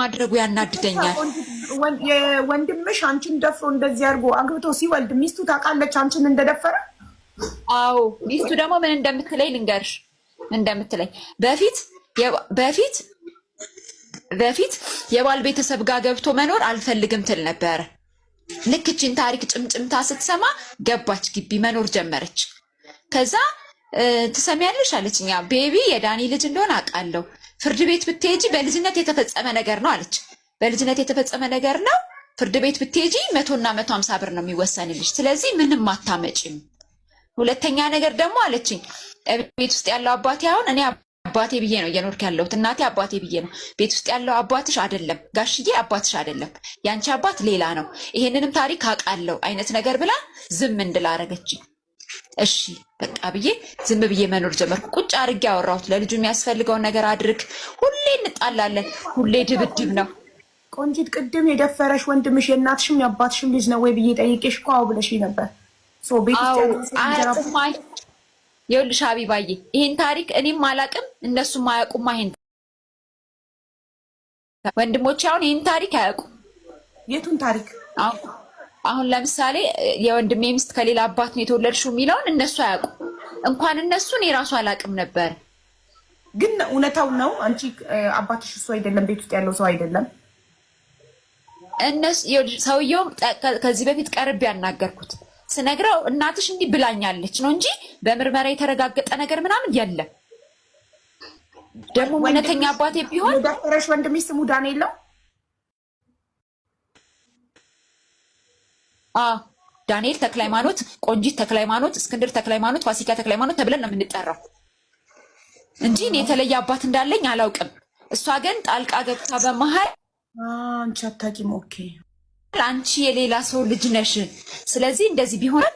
ማድረጉ ያናድደኛል። ወንድምሽ አንቺን ደፍሮ እንደዚህ አድርጎ አግብቶ ሲወልድ ሚስቱ ታውቃለች አንቺን እንደደፈረ? አዎ ሚስቱ ደግሞ ምን እንደምትለኝ ልንገርሽ፣ እንደምትለኝ በፊት በፊት በፊት የባል ቤተሰብ ጋር ገብቶ መኖር አልፈልግም ትል ነበር። ልክ ታሪክ ጭምጭምታ ስትሰማ ገባች፣ ግቢ መኖር ጀመረች። ከዛ ትሰሚያለሽ አለችኛ ቤቢ የዳኒ ልጅ እንደሆነ አውቃለሁ ፍርድ ቤት ብትሄጂ በልጅነት የተፈጸመ ነገር ነው አለች። በልጅነት የተፈጸመ ነገር ነው ፍርድ ቤት ብትሄጂ መቶና መቶ ሀምሳ ብር ነው የሚወሰንልሽ። ስለዚህ ምንም አታመጭም። ሁለተኛ ነገር ደግሞ አለችኝ ቤት ውስጥ ያለው አባቴ አሁን እኔ አባቴ ብዬ ነው እየኖርክ ያለሁት፣ እናቴ አባቴ ብዬ ነው። ቤት ውስጥ ያለው አባትሽ አይደለም፣ ጋሽዬ አባትሽ አይደለም፣ ያንቺ አባት ሌላ ነው። ይሄንንም ታሪክ አውቃለሁ አይነት ነገር ብላ ዝም እንድላረገችኝ እሺ በቃ ብዬ ዝም ብዬ መኖር ጀመርኩ። ቁጭ አድርጌ ያወራሁት ለልጁ የሚያስፈልገውን ነገር አድርግ። ሁሌ እንጣላለን፣ ሁሌ ድብድብ ነው። ቆንጂት፣ ቅድም የደፈረሽ ወንድምሽ የእናትሽም የአባትሽም ልጅ ነው ወይ ብዬ ጠይቄሽ እኮ አዎ ብለሽ ነበር። ይኸውልሽ ሐቢባዬ ይህን ታሪክ እኔም አላቅም እነሱም አያውቁማ። ይህን ወንድሞች አሁን ይህን ታሪክ አያውቁም። የቱን ታሪክ አሁን ለምሳሌ የወንድሜ ሚስት ከሌላ አባት ነው የተወለድሽው የሚለውን እነሱ አያውቁ። እንኳን እነሱ እኔ ራሱ አላውቅም ነበር። ግን እውነታው ነው። አንቺ አባትሽ እሱ አይደለም፣ ቤት ውስጥ ያለው ሰው አይደለም። እነሱ ሰውየውም ከዚህ በፊት ቀርብ ያናገርኩት ስነግረው እናትሽ እንዲህ ብላኛለች ነው እንጂ በምርመራ የተረጋገጠ ነገር ምናምን የለም። ደግሞ እውነተኛ አባቴ ቢሆን ደፈረሽ ወንድሜ ስሙ የለው ዳንኤል ተክለ ሃይማኖት፣ ቆንጂት ተክለ ሃይማኖት፣ እስክንድር ተክለ ሃይማኖት፣ ፋሲካ ተክለ ሃይማኖት ተብለን ነው የምንጠራው እንጂ እኔ የተለየ አባት እንዳለኝ አላውቅም። እሷ ግን ጣልቃ ገብታ በመሀል አንቺ አታውቂም፣ ኦኬ አንቺ የሌላ ሰው ልጅ ነሽ፣ ስለዚህ እንደዚህ ቢሆን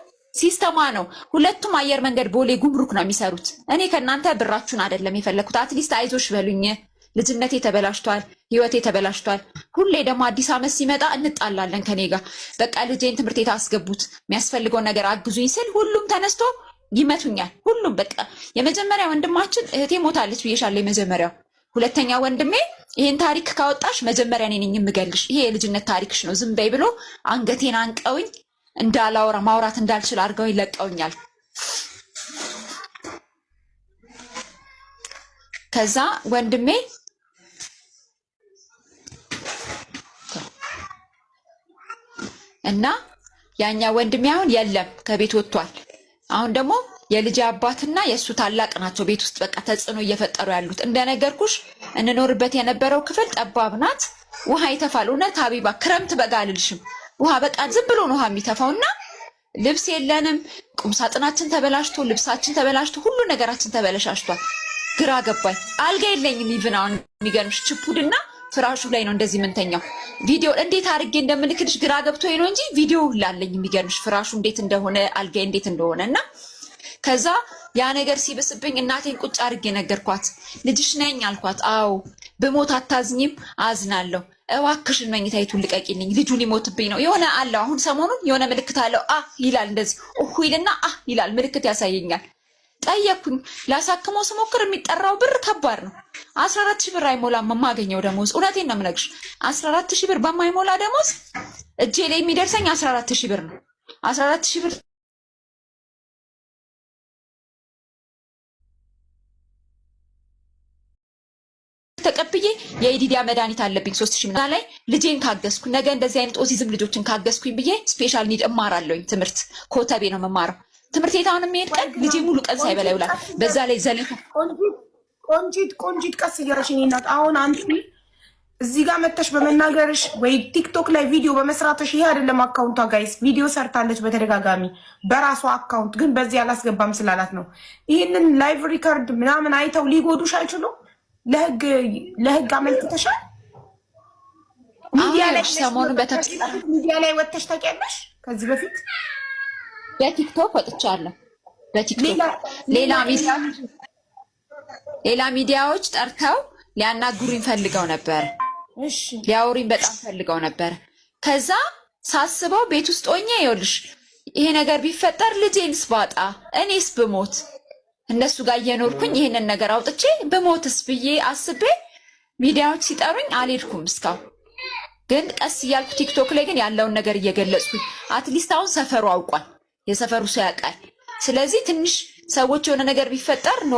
ሲስተማ ነው። ሁለቱም አየር መንገድ ቦሌ ጉምሩክ ነው የሚሰሩት። እኔ ከእናንተ ብራችሁን አይደለም የፈለግኩት። አትሊስት አይዞሽ በሉኝ ልጅነቴ ተበላሽቷል፣ ህይወቴ ተበላሽቷል። ሁሌ ደግሞ አዲስ አመት ሲመጣ እንጣላለን ከኔ ጋር በቃ ልጄን ትምህርት ቤት አስገቡት፣ የሚያስፈልገውን ነገር አግዙኝ ስል ሁሉም ተነስቶ ይመቱኛል። ሁሉም በቃ የመጀመሪያ ወንድማችን እህቴ ሞታለች ብዬሻለሁ። የመጀመሪያው ሁለተኛ ወንድሜ ይህን ታሪክ ካወጣሽ መጀመሪያ እኔ ነኝ የምገልሽ፣ ይሄ የልጅነት ታሪክሽ ነው፣ ዝም በይ ብሎ አንገቴን አንቀውኝ እንዳላውራ ማውራት እንዳልችል አድርገውኝ ለቀውኛል። ከዛ ወንድሜ እና ያኛ ወንድሜ አሁን የለም ከቤት ወጥቷል። አሁን ደግሞ የልጅ አባትና የእሱ ታላቅ ናቸው ቤት ውስጥ በቃ ተጽዕኖ እየፈጠሩ ያሉት። እንደነገርኩሽ እንኖርበት የነበረው ክፍል ጠባብ ናት። ውሃ ይተፋል። እውነት ሀቢባ ክረምት በጋ አልልሽም። ውሃ በቃ ዝም ብሎ ነው ውሃ የሚተፋው እና ልብስ የለንም። ቁምሳጥናችን ተበላሽቶ፣ ልብሳችን ተበላሽቶ፣ ሁሉ ነገራችን ተበለሻሽቷል። ግራ ገባኝ። አልጋ የለኝም። ይብን አሁን የሚገርምሽ ችፑድና ፍራሹ ላይ ነው እንደዚህ ምንተኛው። ቪዲዮ እንዴት አድርጌ እንደምልክልሽ ግራ ገብቶ ነው እንጂ ቪዲዮ ላለኝ የሚገርምሽ ፍራሹ እንዴት እንደሆነ አልጋ እንዴት እንደሆነ እና ከዛ ያ ነገር ሲብስብኝ እናቴን ቁጭ አድርጌ ነገርኳት። ልጅሽ ነኝ አልኳት። አዎ ብሞት አታዝኝም? አዝናለሁ። እባክሽን መኝታይቱን ልቀቂልኝ፣ ልጁ ሊሞትብኝ ነው። የሆነ አለው አሁን ሰሞኑን የሆነ ምልክት አለው። አ ይላል እንደዚህ ሁ ይልና አ ይላል ምልክት ያሳየኛል። ጠየኩኝ። ላሳክመው ስሞክር የሚጠራው ብር ከባድ ነው። አስራ አራት ሺህ ብር አይሞላም የማገኘው ደሞዝ። እውነቴን ነው የምነግርሽ። አስራ አራት ሺህ ብር በማይሞላ ደሞዝ እጄ ላይ የሚደርሰኝ አስራ አራት ሺህ ብር ነው። አስራ አራት ሺህ ብር ተቀብዬ የኢዲዲያ መድኃኒት አለብኝ ሶስት ሺ ምና ላይ ልጄን ካገዝኩኝ ነገ እንደዚህ አይነት ኦቲዝም ልጆችን ካገዝኩኝ ብዬ ስፔሻል ኒድ እማራለሁኝ ትምህርት ኮተቤ ነው የምማረው። ትምህርት ቤት አሁን የሚሄድ ቀን ልጄ ሙሉ ቀን ሳይበላ ይውላል። በዛ ላይ ዘለፋ ቆንጂት ቆንጂት፣ ቀስ እያልሽ እኔ እናት አሁን አንቺ እዚህ ጋር መተሽ በመናገርሽ ወይ ቲክቶክ ላይ ቪዲዮ በመስራትሽ ይሄ አይደለም አካውንቷ። ጋይስ ቪዲዮ ሰርታለች በተደጋጋሚ በራሷ አካውንት፣ ግን በዚህ አላስገባም ስላላት ነው። ይህንን ላይቭ ሪከርድ ምናምን አይተው ሊጎዱሽ አይችሉ። ለህግ ለህግ አመልክተሻል። ሚዲያ ላይ ሰሞኑን በተሚዲያ ላይ ወተሽ ታውቂያለሽ ከዚህ በፊት በቲክቶክ ወጥቻለሁ። በቲክቶክ ሌላ ሚዲያዎች ጠርተው ሊያናግሩኝ ፈልገው ነበር። ሊያወሩኝ በጣም ፈልገው ነበር። ከዛ ሳስበው ቤት ውስጥ ሆኜ ይኸውልሽ ይሄ ነገር ቢፈጠር ልጄንስ ባጣ እኔስ ብሞት እነሱ ጋር እየኖርኩኝ ይህንን ነገር አውጥቼ ብሞትስ ብዬ አስቤ ሚዲያዎች ሲጠሩኝ አልሄድኩም። እስካሁን ግን ቀስ እያልኩ ቲክቶክ ላይ ግን ያለውን ነገር እየገለጽኩኝ አትሊስት አሁን ሰፈሩ አውቋል። የሰፈሩ ሰው ያውቃል። ስለዚህ ትንሽ ሰዎች የሆነ ነገር ቢፈጠር ኖ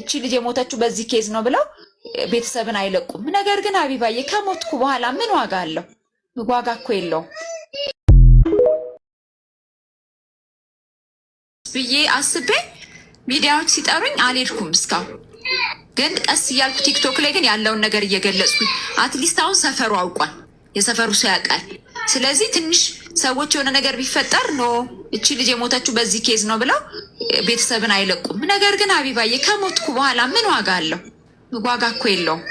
እቺ ልጅ የሞተችው በዚህ ኬዝ ነው ብለው ቤተሰብን አይለቁም። ነገር ግን አቢባዬ ከሞትኩ በኋላ ምን ዋጋ አለው? ዋጋ እኮ የለውም ብዬ አስቤ ሚዲያዎች ሲጠሩኝ አልሄድኩም። እስካሁን ግን ቀስ እያልኩ ቲክቶክ ላይ ግን ያለውን ነገር እየገለጽኩኝ፣ አትሊስት አሁን ሰፈሩ አውቋል፣ የሰፈሩ ሰው ያውቃል። ስለዚህ ትንሽ ሰዎች የሆነ ነገር ቢፈጠር ኖ እቺ ልጅ የሞተችው በዚህ ኬዝ ነው ብለው ቤተሰብን አይለቁም። ነገር ግን አቢባዬ ከሞትኩ በኋላ ምን ዋጋ አለው? ዋጋ እኮ የለውም።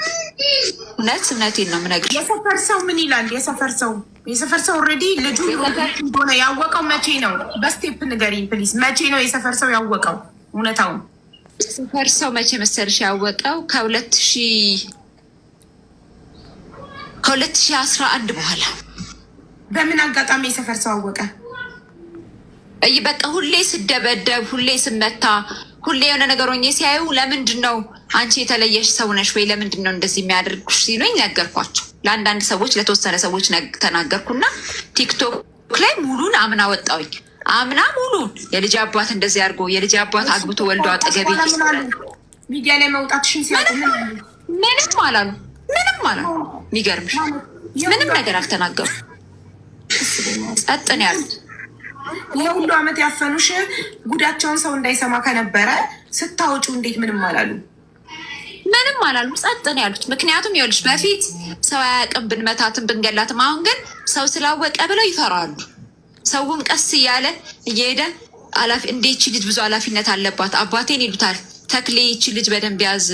እውነት እውነቴን ነው የምነግርሽ። የሰፈር ሰው ምን ይላል? የሰፈር ሰው የሰፈር ሰው ኦልሬዲ ልጁ ሆነ ያወቀው መቼ ነው? በስቴፕ ንገሪኝ ፕሊዝ። መቼ ነው የሰፈር ሰው ያወቀው እውነታውን? የሰፈር ሰው መቼ መሰልሽ ያወቀው? ከሁለት ሺህ ከሁለት ሺህ አስራ አንድ በኋላ በምን አጋጣሚ የሰፈር ሰው አወቀ? በቃ ሁሌ ስደበደብ፣ ሁሌ ስመታ፣ ሁሌ የሆነ ነገር ሆኜ ሲያዩ ለምንድን ነው አንቺ የተለየሽ ሰው ነሽ ወይ ለምንድን ነው እንደዚህ የሚያደርጉሽ ሲሉኝ ነገርኳቸው። ለአንዳንድ ሰዎች ለተወሰነ ሰዎች ተናገርኩና ቲክቶክ ላይ ሙሉን አምና ወጣውኝ። አምና ሙሉን የልጅ አባት እንደዚህ አድርጎ የልጅ አባት አግብቶ ወልዶ አጠገቤ ሚዲያ ላይ መውጣትሽን ሲያምንም አላሉ፣ ምንም አላሉ። የሚገርምሽ ምንም ነገር አልተናገሩ ጸጥ ነው ያሉት። ይህ ሁሉ ያፈኑሽ ጉዳቸውን ሰው እንዳይሰማ ከነበረ ስታወጩ እንዴት ምንም አላሉ? ምንም አላሉም። ጸጥ ነው ያሉት። ምክንያቱም ይኸውልሽ በፊት ሰው አያውቅም ብንመታትም ብንገላትም፣ አሁን ግን ሰው ስላወቀ ብለው ይፈራሉ። ሰውም ቀስ እያለ እየሄደ እንዴ ይቺ ልጅ ብዙ ኃላፊነት አለባት አባቴን ይሉታል ተክሌ ይቺ ልጅ በደንብ ያዝ፣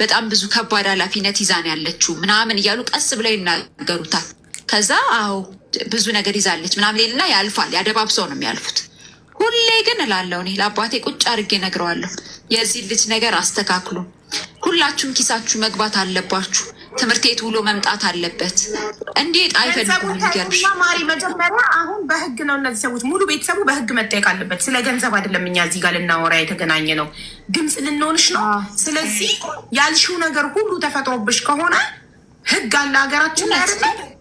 በጣም ብዙ ከባድ ኃላፊነት ይዛን ያለችው ምናምን እያሉ ቀስ ብለው ይናገሩታል። ከዛ አዎ ብዙ ነገር ይዛለች ምናምን ሌልና ያልፋል። ያደባብሰው ነው የሚያልፉት። ሁሌ ግን እላለሁ እኔ ለአባቴ ቁጭ አድርጌ ነግረዋለሁ የዚህ ልጅ ነገር አስተካክሉ፣ ሁላችሁም ኪሳችሁ መግባት አለባችሁ፣ ትምህርት ቤት ውሎ መምጣት አለበት። እንዴት አይፈልጉም? ማሪ፣ መጀመሪያ አሁን በህግ ነው እነዚህ ሰዎች ሙሉ ቤተሰቡ በህግ መጠየቅ አለበት። ስለ ገንዘብ አይደለም እኛ እዚህ ጋር ልናወራ የተገናኘ ነው፣ ድምፅ ልንሆንሽ ነው። ስለዚህ ያልሽው ነገር ሁሉ ተፈጥሮብሽ ከሆነ ህግ አለ ሀገራችን አይደለም